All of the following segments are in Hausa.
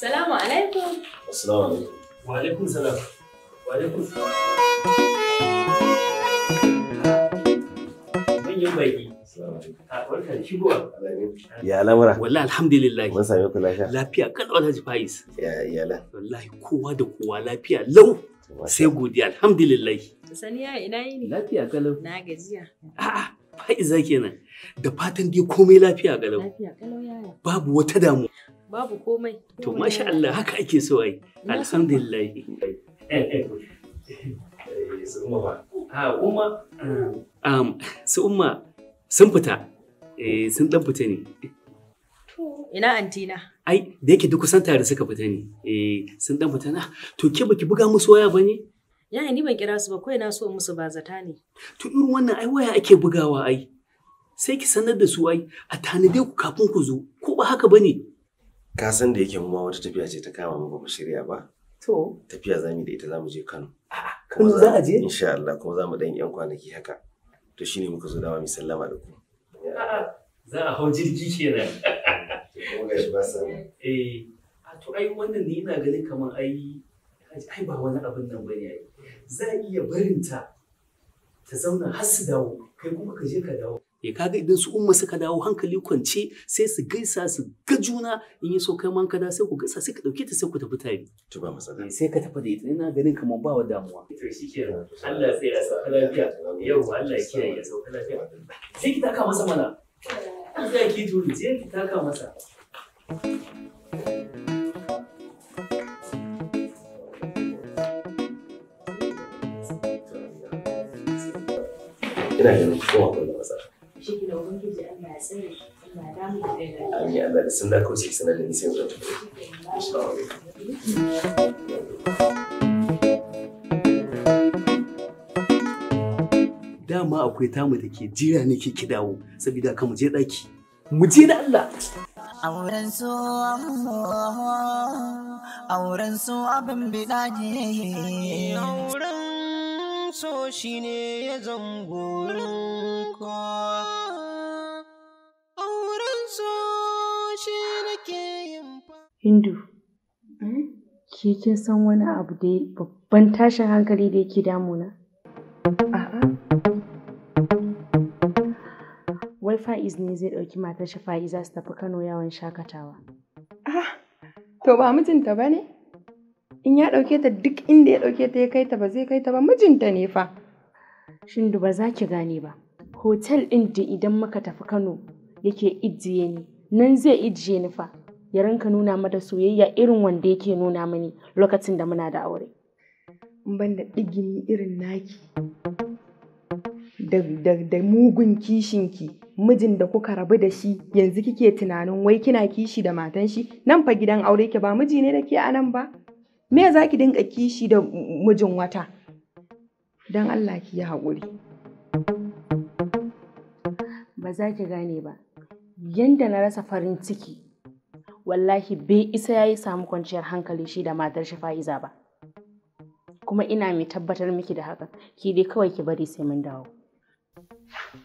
Assalamu alaikum. Assalamu alaikum. Wa alaikum salam. Wa alaikum salam. Manyan baki. Ah, ya lamura. Wallahi alhamdulillah. Mun same ku lafiya. Lafiya kan Alhaji Faiz. Ya iyala. Wallahi kowa da kowa lafiya lau. Sai godiya alhamdulillah. Sani ya ina yini? Lafiya kalau. Na gajiya. A'a Faiza kenan. Da fatan dai komai lafiya kalau. Lafiya kalau yaya. Babu wata damuwa. babu komai to masha Allah haka ake so ai alhamdulillah eh, eh, eh, um, su umma sun fita sun dan fita ne ina antina ai da yake duk kusan tare suka fita ne eh sun dan fita na to ke baki buga musu waya bane yaya ni ban kira su ba kawai na so musu ba zata ne to irin wannan ai waya ake bugawa ai sai ki sanar da su ai a tanade ku kafin ku zo ko ba haka bane Ka san da yake mu ma wata tafiya ce ta kama mu ba shirya ba. To. Tafiya za mu da ita za mu je Kano. Kano za a je? Insha Allah kuma za mu ɗan yan kwanaki haka. To shine muka zo dawa mu sallama da ku. Za a hau jirgi kenan. Kuma gashi ba sa. Eh. To ai wannan ne ina ganin kamar ai ai ba wani abin nan bane ai. Za a iya barinta ta zauna har su dawo kai kuma ka je ka dawo. ya eh, kaga idan su umma suka dawo hankali kwance sai su gaisa su ga juna in yi so kai man kada sai ku gaisa sai ka dauke ta sai ku tafi tare to ba matsala eh, sai ka tafi da ita ina ganin kamar ba wa damuwa to shikenan Allah sai ya sauka lafiya yau Allah ya kiyaye ya sauka lafiya sai ki taka masa mana sai ki tuni sai ki taka masa ina ganin kowa Allah da sun da sanar da Dama akwai tamu da ke jira ne ke kidawo saboda ka mu je ɗaki. Mu je da Allah. auren su auren su abin bida ne auren so shine ya zango ko Hindu, hmm? ke kin san wani abu da babban tashin hankali da yake damuna? A'a. Wai Fa'iz ne zai ɗauki matar shi Fa'iza su tafi Kano yawon shakatawa. Ah, to ba mijinta ba ne? In ya ɗauke ta duk inda ya ɗauke ta ya kai ta ba zai kai ta ba mijinta ne fa. Shindu ba za ki gane ba. Hotel ɗin da idan muka tafi Kano yake ijiye ni, nan zai ijiye ni fa. ya rinka nuna mata soyayya irin wanda yake nuna mani lokacin da muna da aure. ban da ɗigini irin naki da, mugun kishinki mijin da kuka rabu da shi yanzu kike tunanin wai kina kishi da matan shi nan fa gidan aure ke ba miji ne da ke a ba me za ki dinka kishi da mijin wata don Allah ki yi haƙuri ba za ki gane ba yanda na rasa farin ciki wallahi bai isa ya yi samu kwanciyar hankali shi da matar shi fa'iza ba kuma ina mai tabbatar miki da haka ki dai kawai ki bari sai mun dawo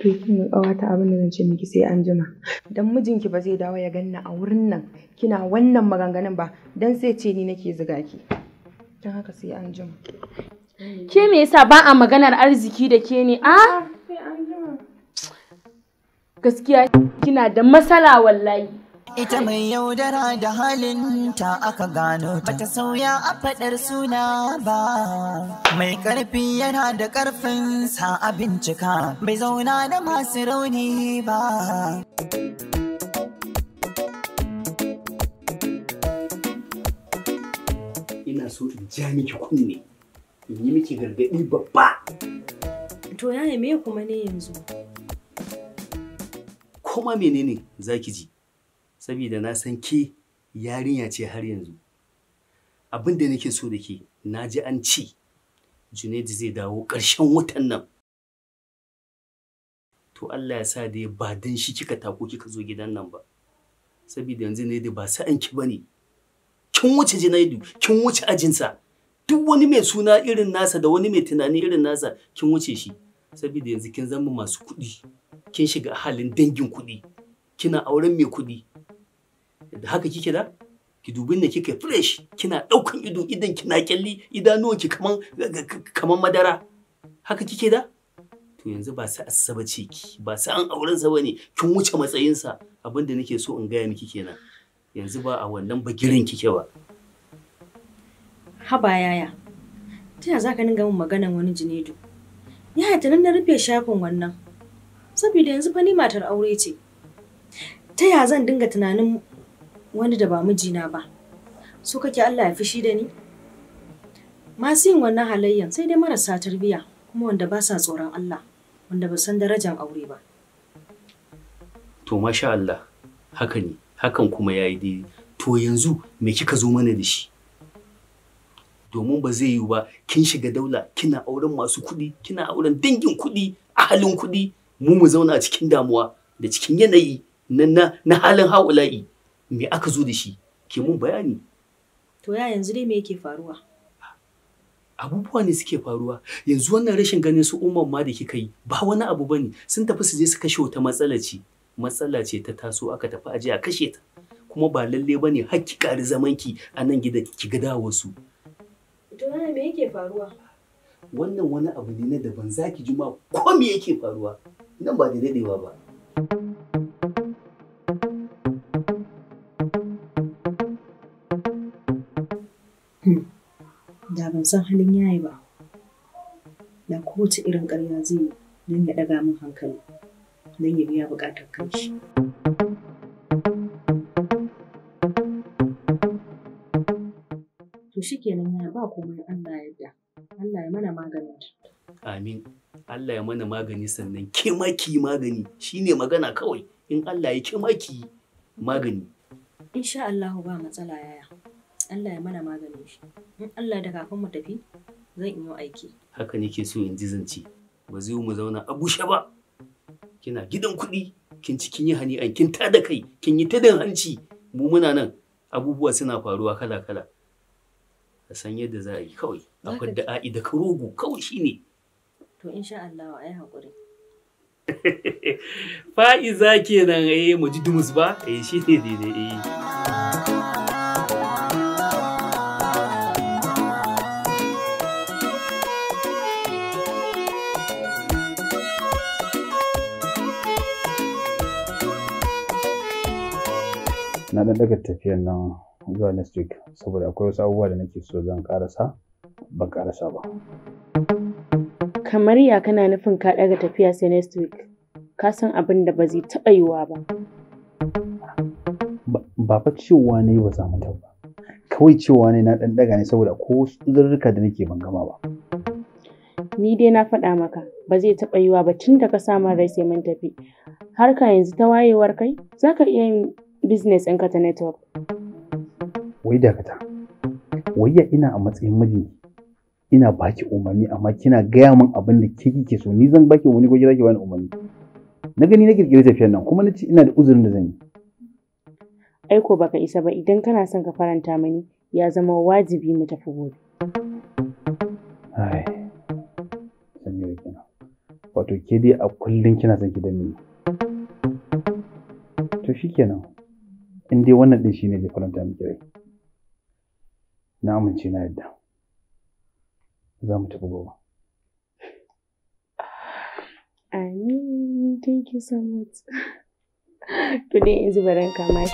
to kin ƙawata abin da ce miki sai an jima dan mijinki ba zai dawo ya ganna a wurin nan kina wannan maganganun ba dan sai ce ni nake ziga ki dan haka sai an jima ke me yasa ba a maganar arziki da ke ne a ah, gaskiya kina da matsala wallahi Ita mai yaudara da halinta aka gano ta ta sauya a faɗar suna ba. Mai ƙarfi yana da ƙarfinsa sa a bincika bai zauna da masu rauni ba. Ina so in ja miki kunne, in yi miki gargaɗi babba. To yaya me kuma ne yanzu? Kuma menene ki ji? saboda na san ke yarinya ce har yanzu abin da nake so da ke na ji an ci Junaidu zai dawo ƙarshen watan nan to Allah ya sa da ba dan shi kika tako kika zo gidan nan ba saboda yanzu ne da ba sa'an ki bane kin wuce Junaidu kin wuce ajinsa duk wani mai suna irin nasa da wani mai tunani irin nasa kin wuce shi saboda yanzu kin zama masu kuɗi kin shiga halin dangin kuɗi kina auren mai kuɗi da haka kike da ki dubin da kike fresh kina daukan ido idan kina kyalli ki kaman kaman madara haka kike da to yanzu ba sai asaba ce ki ba sai an auren sa bane kin wuce matsayinsa abinda nake so in gaya miki kenan yanzu ba a wannan bagirin kike ba haba yaya ta za ka dinga min maganan wani jinedo yaya ta nan na rufe shafin wannan saboda yanzu fa ni matar aure ce ta ya zan dinga tunanin wani da ba mijina ba so kake Allah ya fishi da ni masu yin wannan halayyan sai dai marasa tarbiyya kuma wanda ba sa tsoron Allah wanda ba san darajar aure ba to masha Allah haka ne hakan kuma ya yi to yanzu me kika zo mana da shi domin ba zai yiwu ba kin shiga daula kina auren masu kuɗi kina auren dangin kuɗi halin kuɗi mu mu zauna a cikin damuwa da cikin yanayi na, na, na halin haula'i me aka zo da shi ke mun bayani to ya yanzu dai me yake faruwa abubuwa ne suke faruwa yanzu wannan rashin ganin su umman ma da kika yi ba wani abu bane sun tafi su je su kashe wata matsala ce matsala ce ta taso aka tafi aje a kashe ta kuma ba lalle bane hakki kari zaman ki a nan gida ki ga dawo su to me yake faruwa wannan wani abu ne na daban zaki ji ma ko me yake faruwa nan ba da dadewa ba thank you Ba ban san halin yayi ba da kowace irin ƙarya zai yi don ya ɗaga min hankali don ya biya buƙatar kanshi. To shi kenan ya ba komai Allah ya biya. Allah ya mana maganin Amin. Allah ya mana magani sannan kimaki magani shine magana kawai in Allah ya kimaki magani. Insha Allah ba matsala yaya. Allah ya mana maganin shi in Allah da kafin mu tafi zan yi aiki haka nake so in ji zance ba zai mu zauna a bushe ba kina gidan kuɗi kin ci kin yi hani an kin tada kai kin yi ta hanci mu muna nan abubuwa suna faruwa kala kala a san yadda za a yi kawai a kwadda a'i da karogo kawai shine to insha Allah ai hakuri fa'iza kenan eh mu ji dumus ba eh shine daidai eh na ɗan daga tafiyan nan zuwa next week saboda akwai wasu abubuwa da nake so zan karasa ban karasa ba. Kamar ya kana nufin ka daga tafiya sai next week ka san abin da ba zai taɓa yiwuwa ba. Ba fa cewa ne ba za mu ba. Kawai cewa ne na dan daga ne saboda ko zurruka da nake ban gama ba. Ni dai na faɗa maka ba zai taɓa yiwuwa ba tun da ka samun rai sai mun tafi. Harka yanzu ta wayewar kai za ka iya yin business ka ta network. Wai dakata, wai ya ina a matsayin mijin ina baki umarni amma kina gaya min abin da ke so ni zan baki umarni ko ki zaki bani umarni. Na gani na kirkiri tafiyar nan kuma na ce ina da uzurin da zan yi. Aiko baka isa ba idan kana son ka faranta mani ya zama wajibi mu tafi gobe. Wato ke dai a kullum kina son ki danne. To shikenan. in dai wannan din shine zai faranta miki rai na amince na yadda za mu tafi gobe Amin, thank you so much. Today is Baranka, my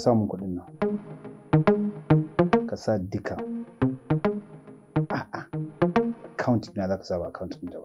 samun kuɗin nan ka sa duka a'a account na za ka sa ba account ba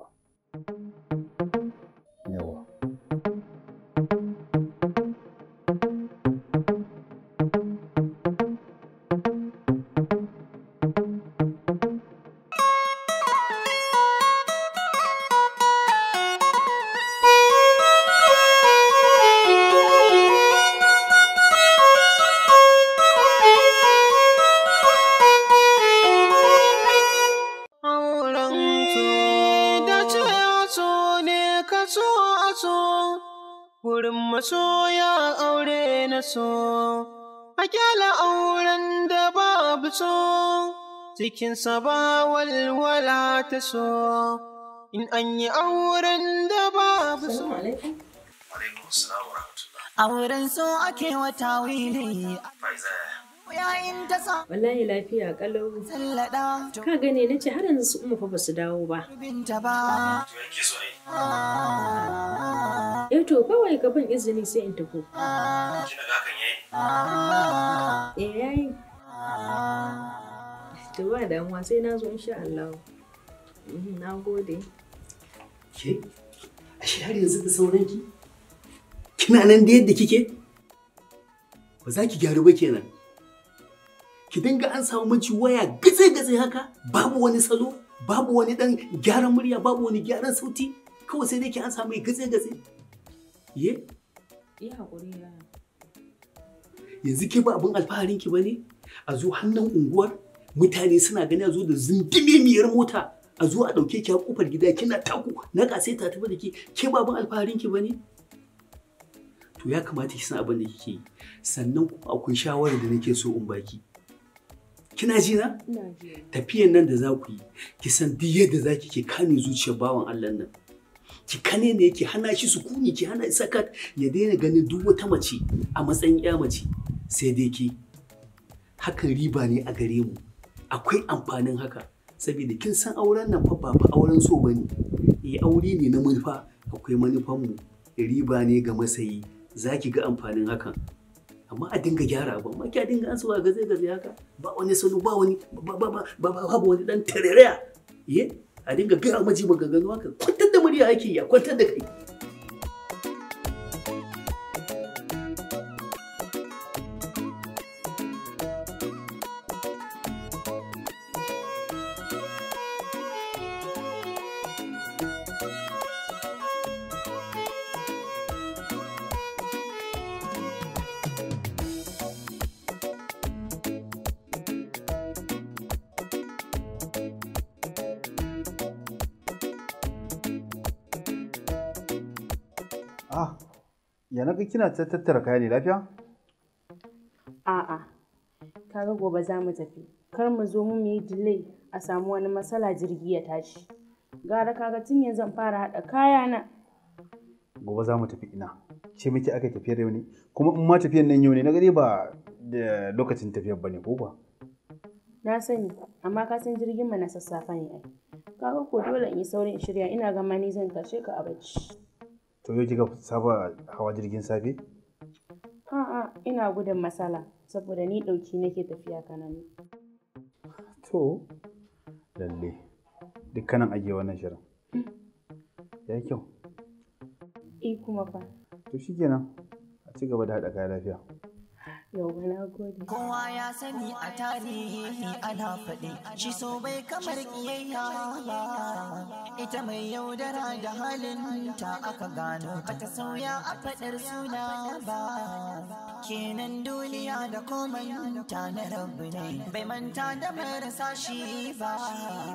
cikin ba walwala ta so in an yi auren da babu so. Auren so ake wata wili. Wallahi lafiya kalau. Sallada. Ka gane na ce har yanzu su umma fa ba su dawo ba. Ah. Eh to kawai ka bin izini sai in tafi. Kina ga hakan yayi? Ah. Eh yayi. Ah. to ba damuwa sai na zo insha Allah mhm, na gode ke ashe har yanzu da sauran ki kina nan da yadda kike ba za ki gyaru ba kenan ki dinga an samu waya gatsai gatsai haka babu wani salo babu wani dan gyaran murya babu wani gyaran sauti kawai sai dai ki an samu gatsai gatsai ye hakuri yanzu ke ba abin alfaharin ki ba ne a zo hannun unguwar mutane suna gani a zo da miyar mota a zo a ɗauke ki a kofar gida kina taku na kasai ta tafi da ki ke baban alfaharin ki bane to ya kamata ki san abin da kike yi sannan kuma akwai shawarar da nake so in baki kina ji na tafiyan nan da za ku yi ki san duk yadda za ki ke kame zuciyar bawan Allah nan ki kane ne ki hana shi su kuni ki hana sakat ya daina ganin duk wata mace a matsayin ya mace sai dai ki hakan riba ne a gare mu akwai amfanin haka saboda kin san auren nan fa ba fa auren so bane eh aure ne na manufa akwai manufan mu riba ne ga masayi zaki ga amfanin hakan amma a dinga gyara ba amma a dinga an suwa gaze gaze haka ba wani salo ba wani ba ba ba ba wani dan tareraya eh a dinga gaya maji maganganu haka kwantar da murya ake ya kwantar da kai Ah, ya naga kina ta tattara kaya ne lafiya? A'a, kaga gobe za mu tafi. Kar mu zo mu yi delay a samu wani matsala jirgi ya tashi. Gara kaga tun yanzu zan fara haɗa kaya na. Gobe za mu tafi ina. Ce miki aka tafiyar yau ne? Kuma in ma tafiyar nan yau ne, na gani ba da lokacin tafiyar ba ne ko ba? Na sani, amma ka san jirgin mu na sassafe ne ai. Kaga ko dole in yi saurin shirya ina ga ma ni zan tashe ka a bacci. To yau kika saba hawa jirgin safe? A'a, ina gudun matsala saboda ni ɗauki nake tafiya kanani. To, lalle, dukkanin ajiye wannan shirin. Mm. Ya kyau. Eh kuma fa. To shi kenan, a ci gaba da haɗa kaya lafiya. Kowa ya sani a tarihi ana faɗi, shi so bai kamar ƙiyayya ba. Ita mai yaudara da halin ta aka gano, ta sauya a faɗar suna ba. Kenan duniya da komai ta na rabu ne, bai manta da marasa shi ba.